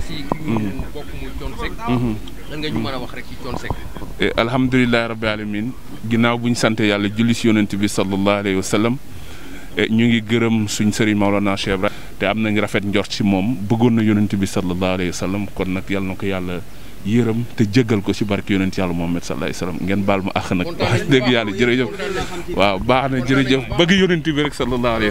si nga wax rek ci Thione Seck alhamdulilahi rabbi alamin ginnaaw bu ñu sant yàlla julli si yonent bi sallallahu alayhi wa sallam eh, ñu ngi gërëm suñ sëriñ Maolana Cheikh te am nañ rafet njort ci moom bëggoon na yonent bi sallallahu alayhi wa sallam kon nag yàlla na ko yàlla yërëm te jéggal ko ci barke yonent yàlla Muhammad sallallahu alayhi wasallam ngeen baal ma àq nag wax dëgg yàlla jërëjëf waaw baax na jërëjëf bëgg yonent bi rek sallallahu alayhi